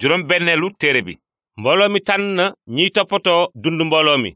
juróom benneelu téere bi mbooloo mi tànn na ñii toppatoo dundu mbooloo mi